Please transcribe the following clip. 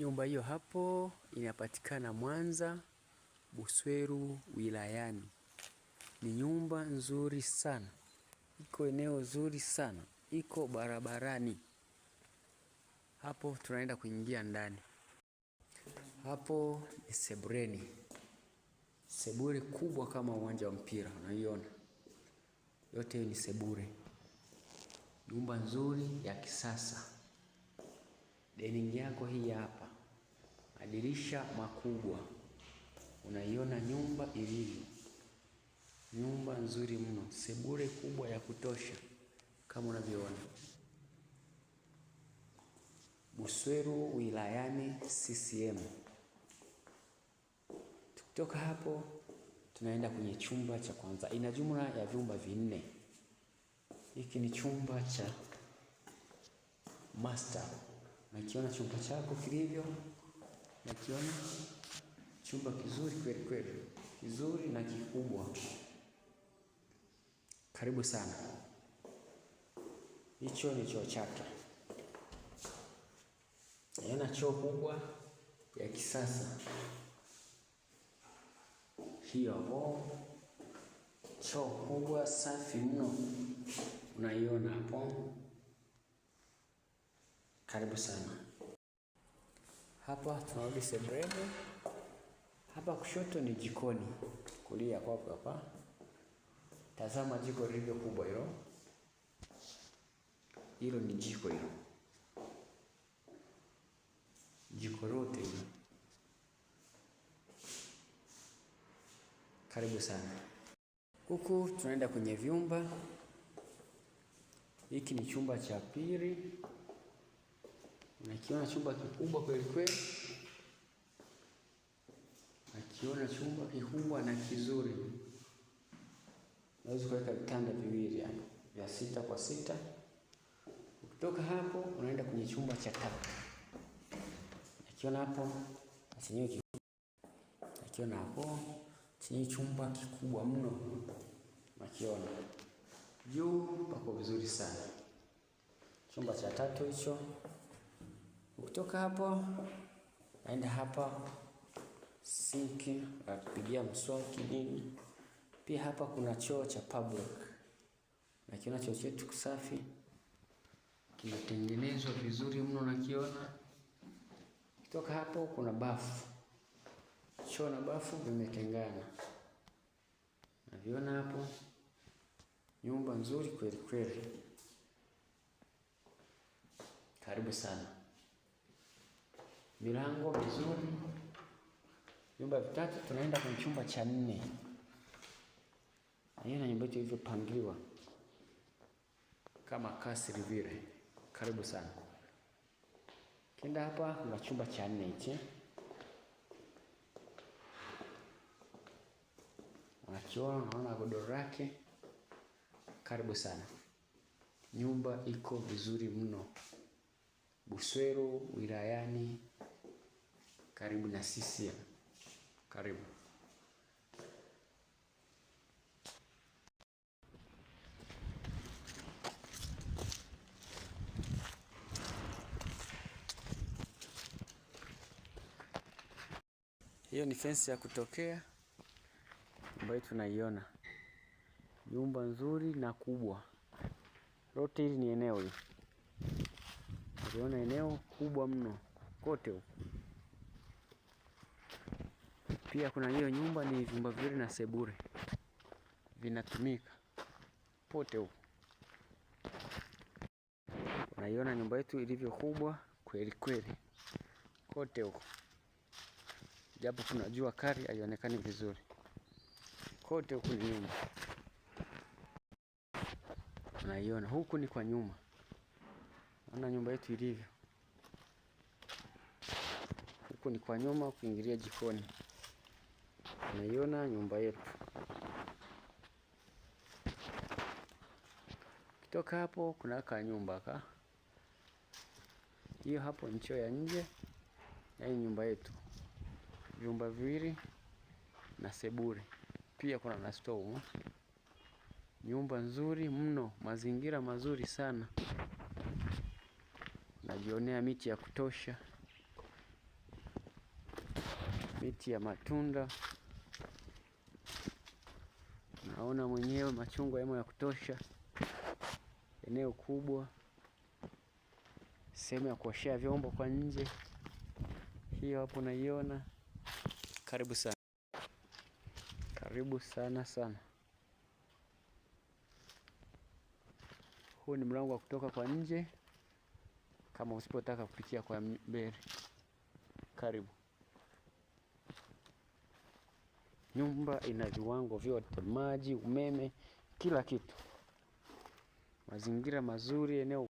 Nyumba hiyo hapo inapatikana Mwanza Busweru wilayani. Ni nyumba nzuri sana, iko eneo zuri sana, iko barabarani hapo. Tunaenda kuingia ndani hapo. Ni sebreni, sebure kubwa kama uwanja wa mpira, unaiona yote hiyo ni sebure. Nyumba nzuri ya kisasa, dining yako hii hapa madirisha makubwa. Unaiona nyumba ilivyo, nyumba nzuri mno, sebule kubwa ya kutosha kama unavyoona. Busweru wilayani CCM. Tukitoka hapo tunaenda kwenye chumba cha kwanza, ina jumla ya vyumba vinne. Hiki ni chumba cha master, nakiona chumba chako kilivyo nakiona chumba kizuri kweli kweli, kizuri na kikubwa. Karibu sana, hicho ni choo chake. Yana choo kubwa ya kisasa, hiyo hapo, choo kubwa safi mno, unaiona hapo. Karibu sana. Hapa tunarudi sebuleni. Hapa kushoto ni jikoni, kulia kwako hapa. Tazama jiko lilivyo kubwa hilo. Hilo ni jiko hilo, jiko lote hilo. Karibu sana. Huku tunaenda kwenye vyumba. Hiki ni chumba cha pili. Nakiona chumba kikubwa kweli kweli, nakiona chumba kikubwa na kizuri. Naweza kuweka vitanda viwili hapo vya sita kwa sita. Ukitoka hapo unaenda kwenye chumba cha tatu, nakiona hapo chenyewe, nakiona hapo chenye chumba kikubwa mno, nakiona juu pako vizuri sana. Chumba cha tatu hicho. Ukitoka hapo naenda hapa sinki napigia mswaki nini. Pia hapa kuna choo cha public, nakiona choo chetu kusafi, kimetengenezwa vizuri mno nakiona. kutoka hapo kuna bafu, choo na bafu vimetengana, naviona hapo. Nyumba nzuri kweli kweli, karibu sana milango mizuri, vyumba vitatu. Tunaenda kwenye chumba cha nne, hiyo na nyumba yetu ilivyopangiliwa kama kasri vile. Karibu sana. Kenda hapa, kuna chumba cha nne hichi, unakiona, naona godoro lake. Karibu sana. Nyumba iko vizuri mno Buswero wilayani karibu na CCM. Karibu. Hiyo ni fensi ya kutokea ambayo tunaiona, nyumba nzuri na kubwa. Lote hili ni eneo hili, uliona eneo kubwa mno kote huku. Pia kuna hiyo nyumba ni vyumba viwili na sebure, vinatumika pote huko. Unaiona nyumba yetu ilivyo kubwa kweli kweli, kote huko, japo kuna jua kali haionekani vizuri. Kote huku ni nyumba, unaiona. Huku ni kwa nyuma, naona nyumba yetu ilivyo huku ni kwa nyuma, kuingilia jikoni naiona nyumba yetu. kitoka hapo kuna ka nyumba ka hiyo hapo, ncho ya nje ya hii nyumba yetu, vyumba viwili na sebule pia kuna na store. Nyumba nzuri mno, mazingira mazuri sana, najionea miti ya kutosha, miti ya matunda. Naona mwenyewe machungwa yamo ya kutosha, eneo kubwa, sehemu ya kuoshea vyombo kwa nje, hiyo hapo naiona. Karibu sana, karibu sana sana. Huu ni mlango wa kutoka kwa nje, kama usipotaka kupitia kwa mbele. Karibu. Nyumba ina viwango vyote, maji, umeme, kila kitu, mazingira mazuri, eneo